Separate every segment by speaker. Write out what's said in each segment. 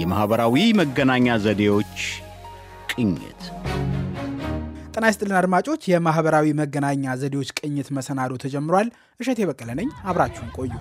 Speaker 1: የማኅበራዊ መገናኛ ዘዴዎች ቅኝት። ጤና ይስጥልን አድማጮች፣ የማኅበራዊ መገናኛ ዘዴዎች ቅኝት መሰናዶ ተጀምሯል። እሸቴ በቀለ ነኝ። አብራችሁን ቆዩ።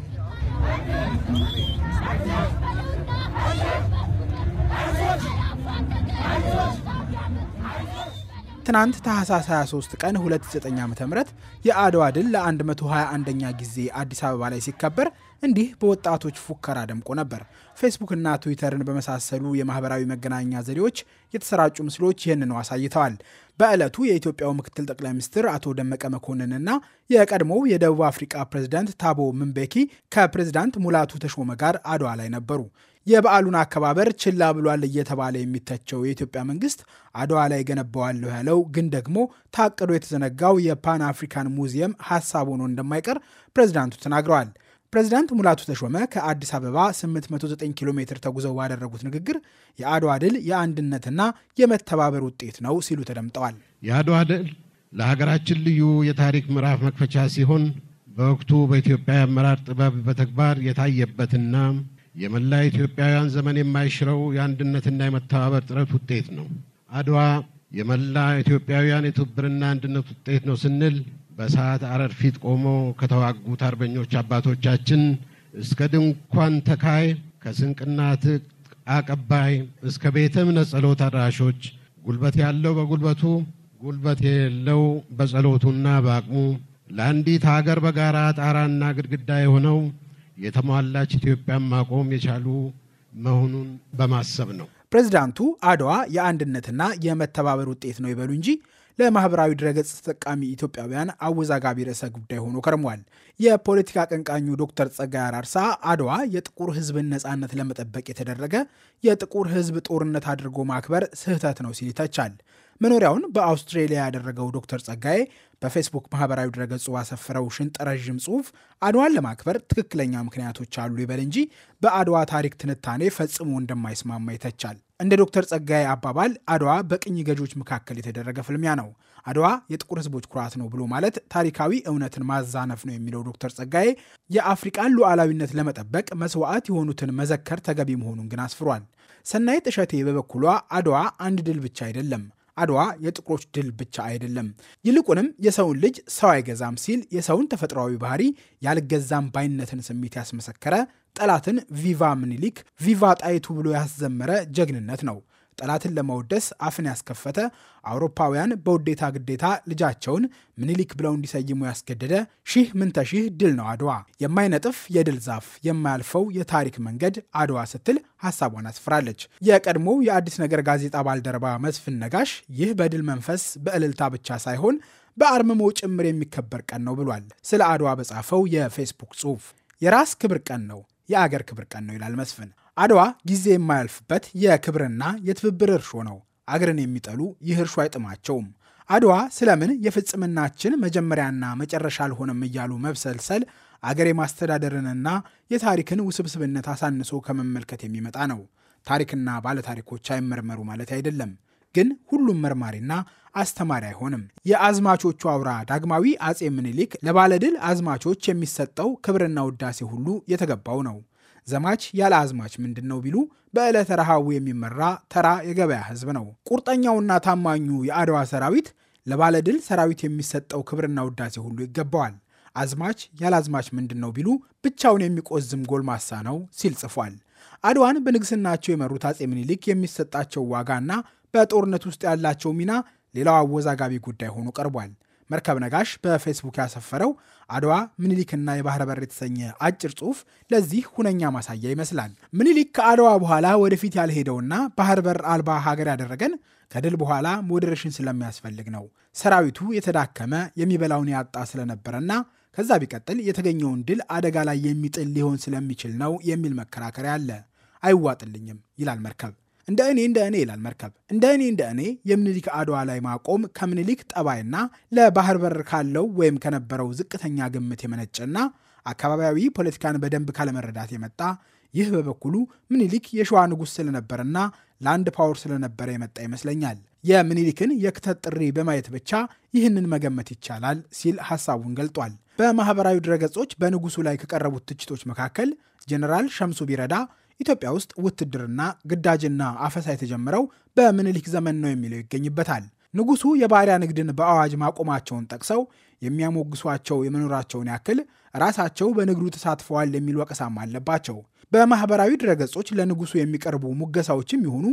Speaker 1: ትናንት ታህሳስ 23 ቀን 29 ዓ ም የአድዋ ድል ለ121ኛ ጊዜ አዲስ አበባ ላይ ሲከበር እንዲህ በወጣቶች ፉከራ ደምቆ ነበር። ፌስቡክና ትዊተርን በመሳሰሉ የማህበራዊ መገናኛ ዘዴዎች የተሰራጩ ምስሎች ይህንኑ አሳይተዋል። በዕለቱ የኢትዮጵያው ምክትል ጠቅላይ ሚኒስትር አቶ ደመቀ መኮንንና የቀድሞው የደቡብ አፍሪካ ፕሬዝዳንት ታቦ ምንቤኪ ከፕሬዝዳንት ሙላቱ ተሾመ ጋር አድዋ ላይ ነበሩ። የበዓሉን አከባበር ችላ ብሏል እየተባለ የሚተቸው የኢትዮጵያ መንግስት አድዋ ላይ ገነባዋለሁ ያለው ግን ደግሞ ታቅዶ የተዘነጋው የፓን አፍሪካን ሙዚየም ሀሳብ ሆኖ እንደማይቀር ፕሬዝዳንቱ ተናግረዋል። ፕሬዚዳንት ሙላቱ ተሾመ ከአዲስ አበባ 89 ኪሎ ሜትር ተጉዘው ባደረጉት ንግግር የአድዋ ድል የአንድነትና የመተባበር ውጤት ነው ሲሉ ተደምጠዋል። የአድዋ ድል ለሀገራችን ልዩ የታሪክ ምዕራፍ መክፈቻ ሲሆን በወቅቱ በኢትዮጵያ የአመራር ጥበብ በተግባር የታየበትና የመላ ኢትዮጵያውያን ዘመን የማይሽረው የአንድነትና የመተባበር ጥረት ውጤት ነው። አድዋ የመላ ኢትዮጵያውያን የትብብርና አንድነት ውጤት ነው ስንል በሰዓት አረር ፊት ቆመው ከተዋጉት አርበኞች አባቶቻችን እስከ ድንኳን ተካይ ከስንቅና ትጥቅ አቀባይ እስከ ቤተ እምነት ጸሎት አድራሾች ጉልበት ያለው በጉልበቱ ጉልበት የሌለው በጸሎቱና በአቅሙ ለአንዲት ሀገር በጋራ ጣራና ግድግዳ የሆነው የተሟላች ኢትዮጵያን ማቆም የቻሉ መሆኑን በማሰብ ነው። ፕሬዚዳንቱ አድዋ የአንድነትና የመተባበር ውጤት ነው ይበሉ እንጂ ለማህበራዊ ድረገጽ ተጠቃሚ ኢትዮጵያውያን አወዛጋቢ ርዕሰ ጉዳይ ሆኖ ከርሟል። የፖለቲካ አቀንቃኙ ዶክተር ጸጋይ አራርሳ አድዋ የጥቁር ህዝብን ነጻነት ለመጠበቅ የተደረገ የጥቁር ህዝብ ጦርነት አድርጎ ማክበር ስህተት ነው ሲል ይተቻል። መኖሪያውን በአውስትሬሊያ ያደረገው ዶክተር ጸጋዬ በፌስቡክ ማህበራዊ ድረገጹ ባሰፈረው ሽንጥ ረዥም ጽሁፍ አድዋን ለማክበር ትክክለኛ ምክንያቶች አሉ ይበል እንጂ በአድዋ ታሪክ ትንታኔ ፈጽሞ እንደማይስማማ ይተቻል። እንደ ዶክተር ጸጋዬ አባባል አድዋ በቅኝ ገዢዎች መካከል የተደረገ ፍልሚያ ነው። አድዋ የጥቁር ሕዝቦች ኩራት ነው ብሎ ማለት ታሪካዊ እውነትን ማዛነፍ ነው የሚለው ዶክተር ጸጋዬ የአፍሪቃን ሉዓላዊነት ለመጠበቅ መስዋዕት የሆኑትን መዘከር ተገቢ መሆኑን ግን አስፍሯል። ሰናይት እሸቴ በበኩሏ አድዋ አንድ ድል ብቻ አይደለም አድዋ የጥቁሮች ድል ብቻ አይደለም። ይልቁንም የሰውን ልጅ ሰው አይገዛም ሲል የሰውን ተፈጥሯዊ ባህሪ ያልገዛም ባይነትን ስሜት ያስመሰከረ ጠላትን ቪቫ ምኒልክ ቪቫ ጣይቱ ብሎ ያስዘመረ ጀግንነት ነው። ጠላትን ለማወደስ አፍን ያስከፈተ አውሮፓውያን በውዴታ ግዴታ ልጃቸውን ምኒሊክ ብለው እንዲሰይሙ ያስገደደ ሺህ ምንተሺህ ድል ነው አድዋ። የማይነጥፍ የድል ዛፍ፣ የማያልፈው የታሪክ መንገድ አድዋ ስትል ሀሳቧን አስፍራለች። የቀድሞው የአዲስ ነገር ጋዜጣ ባልደረባ መስፍን ነጋሽ ይህ በድል መንፈስ በእልልታ ብቻ ሳይሆን በአርምሞ ጭምር የሚከበር ቀን ነው ብሏል። ስለ አድዋ በጻፈው የፌስቡክ ጽሑፍ የራስ ክብር ቀን ነው፣ የአገር ክብር ቀን ነው ይላል መስፍን። አድዋ ጊዜ የማያልፍበት የክብርና የትብብር እርሾ ነው። አገርን የሚጠሉ ይህ እርሾ አይጥማቸውም። አድዋ ስለምን የፍጽምናችን መጀመሪያና መጨረሻ አልሆነም እያሉ መብሰልሰል አገር የማስተዳደርንና የታሪክን ውስብስብነት አሳንሶ ከመመልከት የሚመጣ ነው። ታሪክና ባለታሪኮች አይመርመሩ ማለት አይደለም፣ ግን ሁሉም መርማሪና አስተማሪ አይሆንም። የአዝማቾቹ አውራ ዳግማዊ አጼ ምኒልክ ለባለድል አዝማቾች የሚሰጠው ክብርና ውዳሴ ሁሉ የተገባው ነው። ዘማች ያለ አዝማች ምንድን ነው ቢሉ በዕለተ ረሃቡ የሚመራ ተራ የገበያ ህዝብ ነው። ቁርጠኛውና ታማኙ የአድዋ ሰራዊት ለባለድል ሰራዊት የሚሰጠው ክብርና ውዳሴ ሁሉ ይገባዋል። አዝማች ያለ አዝማች ምንድን ነው ቢሉ ብቻውን የሚቆዝም ጎልማሳ ነው ሲል ጽፏል። አድዋን በንግስናቸው የመሩት አጼ ምኒልክ የሚሰጣቸው ዋጋና በጦርነት ውስጥ ያላቸው ሚና ሌላው አወዛጋቢ ጉዳይ ሆኖ ቀርቧል። መርከብ ነጋሽ በፌስቡክ ያሰፈረው አድዋ ምኒሊክና የባህረ በር የተሰኘ አጭር ጽሑፍ ለዚህ ሁነኛ ማሳያ ይመስላል። ምኒሊክ ከአድዋ በኋላ ወደፊት ያልሄደውና ባህር በር አልባ ሀገር ያደረገን ከድል በኋላ ሞዴሬሽን ስለሚያስፈልግ ነው። ሰራዊቱ የተዳከመ የሚበላውን ያጣ ስለነበረና ከዛ ቢቀጥል የተገኘውን ድል አደጋ ላይ የሚጥል ሊሆን ስለሚችል ነው የሚል መከራከሪያ አለ። አይዋጥልኝም ይላል መርከብ። እንደ እኔ እንደ እኔ ይላል መርከብ። እንደ እኔ እንደ እኔ የምኒልክ አድዋ ላይ ማቆም ከምኒልክ ጠባይና ለባህር በር ካለው ወይም ከነበረው ዝቅተኛ ግምት የመነጨና አካባቢያዊ ፖለቲካን በደንብ ካለመረዳት የመጣ ይህ በበኩሉ ምኒልክ የሸዋ ንጉሥ ስለነበርና ላንድ ፓወር ስለነበረ የመጣ ይመስለኛል። የምኒልክን የክተት ጥሪ በማየት ብቻ ይህንን መገመት ይቻላል ሲል ሐሳቡን ገልጧል። በማኅበራዊ ድረገጾች በንጉሱ ላይ ከቀረቡት ትችቶች መካከል ጀኔራል ሸምሱ ቢረዳ ኢትዮጵያ ውስጥ ውትድርና ግዳጅና አፈሳ የተጀመረው በምኒልክ ዘመን ነው የሚለው ይገኝበታል። ንጉሱ የባሪያ ንግድን በአዋጅ ማቆማቸውን ጠቅሰው የሚያሞግሷቸው የመኖራቸውን ያክል ራሳቸው በንግዱ ተሳትፈዋል የሚል ወቀሳም አለባቸው። በማህበራዊ ድረገጾች ለንጉሱ የሚቀርቡ ሙገሳዎችም ይሁኑ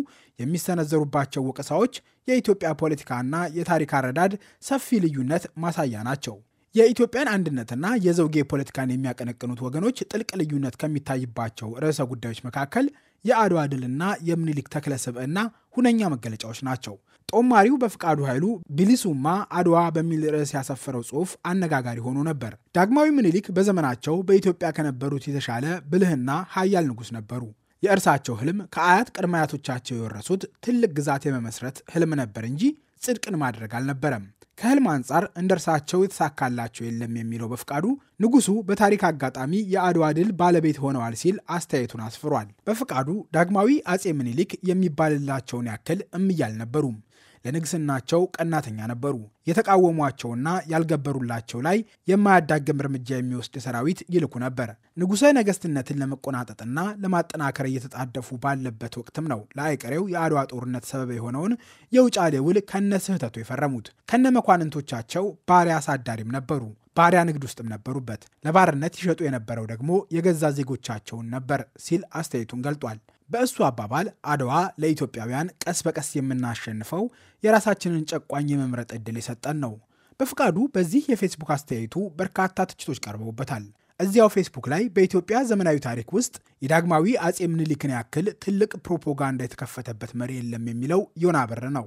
Speaker 1: የሚሰነዘሩባቸው ወቀሳዎች የኢትዮጵያ ፖለቲካና የታሪክ አረዳድ ሰፊ ልዩነት ማሳያ ናቸው። የኢትዮጵያን አንድነትና የዘውጌ ፖለቲካን የሚያቀነቅኑት ወገኖች ጥልቅ ልዩነት ከሚታይባቸው ርዕሰ ጉዳዮች መካከል የአድዋ ድልና የምኒልክ ተክለ ስብዕና ሁነኛ መገለጫዎች ናቸው። ጦማሪው በፍቃዱ ኃይሉ ቢሊሱማ አድዋ በሚል ርዕስ ያሰፈረው ጽሑፍ አነጋጋሪ ሆኖ ነበር። ዳግማዊ ምኒልክ በዘመናቸው በኢትዮጵያ ከነበሩት የተሻለ ብልህና ሀያል ንጉሥ ነበሩ። የእርሳቸው ህልም ከአያት ቅድመ አያቶቻቸው የወረሱት ትልቅ ግዛት የመመስረት ህልም ነበር እንጂ ጽድቅን ማድረግ አልነበረም። ከህልም አንጻር እንደ እርሳቸው የተሳካላቸው የለም የሚለው በፍቃዱ ንጉሱ በታሪክ አጋጣሚ የአድዋ ድል ባለቤት ሆነዋል ሲል አስተያየቱን አስፍሯል። በፍቃዱ ዳግማዊ አጼ ምኒልክ የሚባልላቸውን ያክል እምያልነበሩም ለንግስናቸው ቀናተኛ ነበሩ። የተቃወሟቸውና ያልገበሩላቸው ላይ የማያዳግም እርምጃ የሚወስድ ሰራዊት ይልኩ ነበር። ንጉሠ ነገሥትነትን ለመቆናጠጥና ለማጠናከር እየተጣደፉ ባለበት ወቅትም ነው ለአይቀሬው የአድዋ ጦርነት ሰበብ የሆነውን የውጫሌ ውል ከነ ስህተቱ የፈረሙት። ከነ መኳንንቶቻቸው ባሪያ አሳዳሪም ነበሩ። ባሪያ ንግድ ውስጥም ነበሩበት። ለባርነት ይሸጡ የነበረው ደግሞ የገዛ ዜጎቻቸውን ነበር ሲል አስተያየቱን ገልጧል። በእሱ አባባል አድዋ ለኢትዮጵያውያን ቀስ በቀስ የምናሸንፈው የራሳችንን ጨቋኝ የመምረጥ ዕድል የሰጠን ነው። በፍቃዱ በዚህ የፌስቡክ አስተያየቱ በርካታ ትችቶች ቀርበውበታል። እዚያው ፌስቡክ ላይ በኢትዮጵያ ዘመናዊ ታሪክ ውስጥ የዳግማዊ አጼ ምኒልክን ያክል ትልቅ ፕሮፓጋንዳ የተከፈተበት መሪ የለም የሚለው ዮና በር ነው።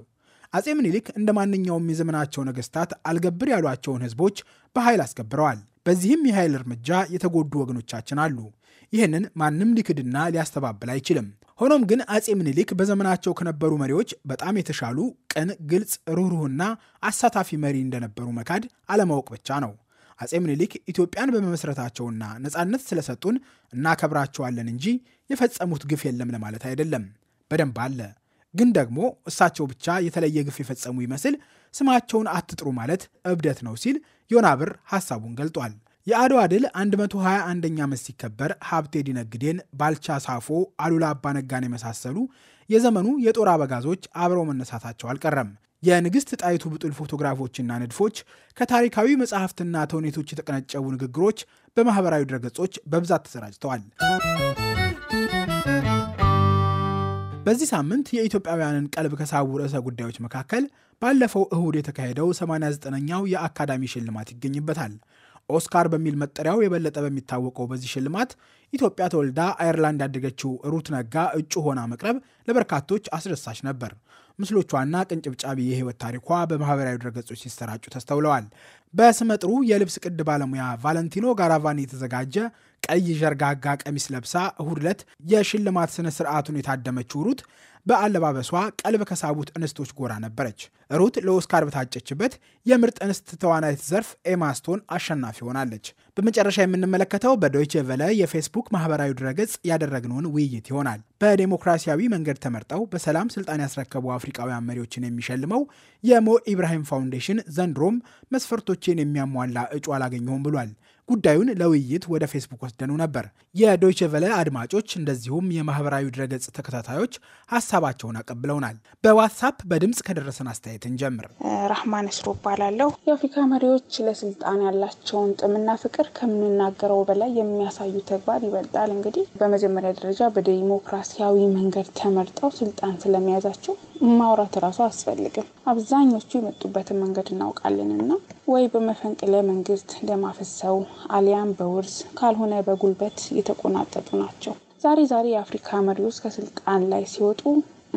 Speaker 1: አጼ ምኒልክ እንደ ማንኛውም የዘመናቸው ነገስታት አልገብር ያሏቸውን ህዝቦች በኃይል አስገብረዋል። በዚህም የኃይል እርምጃ የተጎዱ ወገኖቻችን አሉ። ይህንን ማንም ሊክድና ሊያስተባብል አይችልም። ሆኖም ግን አጼ ምኒልክ በዘመናቸው ከነበሩ መሪዎች በጣም የተሻሉ ቅን፣ ግልጽ፣ ሩህሩህና አሳታፊ መሪ እንደነበሩ መካድ አለማወቅ ብቻ ነው። አጼ ምኒልክ ኢትዮጵያን በመመስረታቸውና ነፃነት ስለሰጡን እናከብራቸዋለን እንጂ የፈጸሙት ግፍ የለም ለማለት አይደለም። በደንብ አለ። ግን ደግሞ እሳቸው ብቻ የተለየ ግፍ የፈጸሙ ይመስል ስማቸውን አትጥሩ ማለት እብደት ነው ሲል ዮናብር ሐሳቡን ገልጧል። የአድዋ ድል 121ኛ ዓመት ሲከበር ሀብቴ ዲነግዴን፣ ባልቻ ሳፎ፣ አሉላ አባነጋን የመሳሰሉ የዘመኑ የጦር አበጋዞች አብረው መነሳታቸው አልቀረም። የንግሥት ጣይቱ ብጡል ፎቶግራፎችና ንድፎች፣ ከታሪካዊ መጽሐፍትና ተውኔቶች የተቀነጨቡ ንግግሮች በማኅበራዊ ድረገጾች በብዛት ተሰራጭተዋል። በዚህ ሳምንት የኢትዮጵያውያንን ቀልብ ከሳቡ ርዕሰ ጉዳዮች መካከል ባለፈው እሁድ የተካሄደው 89ኛው የአካዳሚ ሽልማት ይገኝበታል። ኦስካር በሚል መጠሪያው የበለጠ በሚታወቀው በዚህ ሽልማት ኢትዮጵያ ተወልዳ አየርላንድ ያደገችው ሩት ነጋ እጩ ሆና መቅረብ ለበርካቶች አስደሳች ነበር። ምስሎቿና ቅንጭብጫቢ የህይወት ታሪኳ በማህበራዊ ድረገጾች ሲሰራጩ ተስተውለዋል። በስመጥሩ የልብስ ቅድ ባለሙያ ቫለንቲኖ ጋራቫኒ የተዘጋጀ ቀይ ዠርጋጋ ቀሚስ ለብሳ እሁድ ዕለት የሽልማት ስነ ስርዓቱን የታደመችው ሩት በአለባበሷ ቀልብ ከሳቡት እንስቶች ጎራ ነበረች። ሩት ለኦስካር በታጨችበት የምርጥ እንስት ተዋናይት ዘርፍ ኤማስቶን አሸናፊ ሆናለች። በመጨረሻ የምንመለከተው በዶይቼ ቨለ የፌስቡክ ማህበራዊ ድረገጽ ያደረግነውን ውይይት ይሆናል። በዴሞክራሲያዊ መንገድ ተመርጠው በሰላም ስልጣን ያስረከቡ አፍሪቃውያን መሪዎችን የሚሸልመው የሞ ኢብራሂም ፋውንዴሽን ዘንድሮም መስፈርቶችን የሚያሟላ እጩ አላገኘሁም ብሏል። ጉዳዩን ለውይይት ወደ ፌስቡክ ወስደነው ነበር። የዶይቸ ቨለ አድማጮች እንደዚሁም የማህበራዊ ድረገጽ ተከታታዮች ሀሳባቸውን አቀብለውናል። በዋትሳፕ በድምፅ ከደረሰን አስተያየት ጀምር።
Speaker 2: ራህማን እስሮ እባላለሁ። የአፍሪካ መሪዎች ለስልጣን ያላቸውን ጥምና ፍቅር ከምንናገረው በላይ የሚያሳዩ ተግባር ይበልጣል። እንግዲህ በመጀመሪያ ደረጃ በዲሞክራሲያዊ መንገድ ተመርጠው ስልጣን ስለመያዛቸው ማውራት እራሱ አስፈልግም። አብዛኞቹ የመጡበትን መንገድ እናውቃለንና ወይ በመፈንቅለ መንግስት ደማፍሰው አሊያም በውርስ ካልሆነ በጉልበት የተቆናጠጡ ናቸው። ዛሬ ዛሬ የአፍሪካ መሪዎች ከስልጣን ላይ ሲወጡ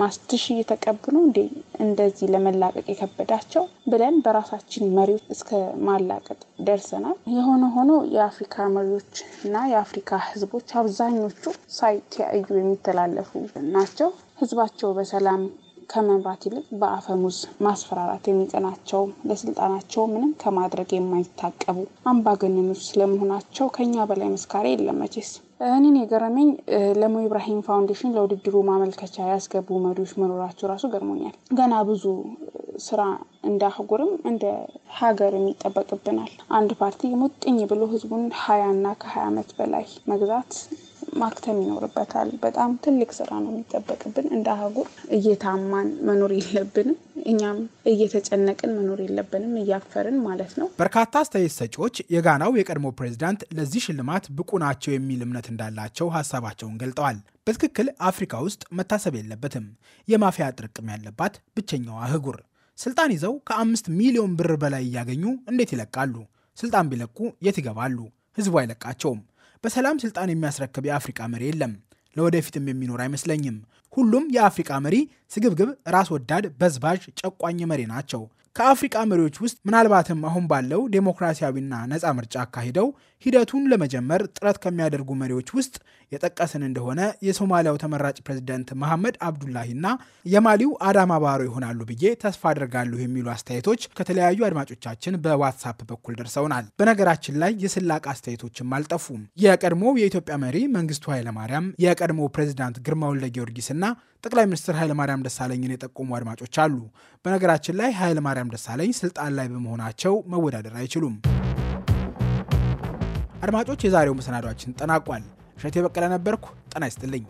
Speaker 2: ማስትሽ እየተቀብሉ እንዴ እንደዚህ ለመላቀቅ የከበዳቸው ብለን በራሳችን መሪዎች እስከ ማላቀቅ ደርሰናል። የሆነ ሆኖ የአፍሪካ መሪዎች እና የአፍሪካ ህዝቦች አብዛኞቹ ሳይተያዩ የሚተላለፉ ናቸው። ህዝባቸው በሰላም ከመምራት ይልቅ በአፈሙዝ ማስፈራራት የሚጠናቸው ለስልጣናቸው ምንም ከማድረግ የማይታቀቡ አምባገነኖች ስለመሆናቸው ከኛ በላይ መስካሪ የለም መቼስ። እኔን የገረመኝ ለሞ ኢብራሂም ፋውንዴሽን ለውድድሩ ማመልከቻ ያስገቡ መሪዎች መኖራቸው ራሱ ገርሞኛል። ገና ብዙ ስራ እንደ አህጉርም እንደ ሀገርም ይጠበቅብናል። አንድ ፓርቲ ሙጥኝ ብሎ ህዝቡን ሀያና ከሀያ ዓመት በላይ መግዛት ማክተም ይኖርበታል። በጣም ትልቅ ስራ ነው የሚጠበቅብን። እንደ አህጉር እየታማን መኖር የለብንም። እኛም እየተጨነቅን መኖር የለብንም፣ እያፈርን ማለት ነው።
Speaker 1: በርካታ አስተያየት ሰጪዎች የጋናው የቀድሞ ፕሬዚዳንት ለዚህ ሽልማት ብቁ ናቸው የሚል እምነት እንዳላቸው ሀሳባቸውን ገልጠዋል። በትክክል አፍሪካ ውስጥ መታሰብ የለበትም። የማፊያ ጥርቅም ያለባት ብቸኛዋ አህጉር ስልጣን ይዘው ከአምስት ሚሊዮን ብር በላይ እያገኙ እንዴት ይለቃሉ? ስልጣን ቢለቁ የት ይገባሉ? ህዝቡ አይለቃቸውም። በሰላም ስልጣን የሚያስረክብ የአፍሪቃ መሪ የለም። ለወደፊትም የሚኖር አይመስለኝም። ሁሉም የአፍሪቃ መሪ ስግብግብ፣ ራስ ወዳድ፣ በዝባዥ፣ ጨቋኝ መሪ ናቸው። ከአፍሪቃ መሪዎች ውስጥ ምናልባትም አሁን ባለው ዴሞክራሲያዊና ነፃ ምርጫ አካሂደው ሂደቱን ለመጀመር ጥረት ከሚያደርጉ መሪዎች ውስጥ የጠቀስን እንደሆነ የሶማሊያው ተመራጭ ፕሬዚደንት መሐመድ አብዱላሂና የማሊው አዳማ ባሮ ይሆናሉ ብዬ ተስፋ አድርጋለሁ የሚሉ አስተያየቶች ከተለያዩ አድማጮቻችን በዋትሳፕ በኩል ደርሰውናል። በነገራችን ላይ የስላቅ አስተያየቶችም አልጠፉም። የቀድሞው የኢትዮጵያ መሪ መንግስቱ ኃይለማርያም፣ የቀድሞው ፕሬዚዳንት ግርማ ወልደ ጊዮርጊስና ጠቅላይ ሚኒስትር ኃይለማርያም ደሳለኝን የጠቆሙ አድማጮች አሉ። በነገራችን ላይ ኃይለማርያም ደሳለኝ ስልጣን ላይ በመሆናቸው መወዳደር አይችሉም። አድማጮች፣ የዛሬው መሰናዷችን ጠናቋል። እሸቴ በቀለ ነበርኩ። ጤና ይስጥልኝ።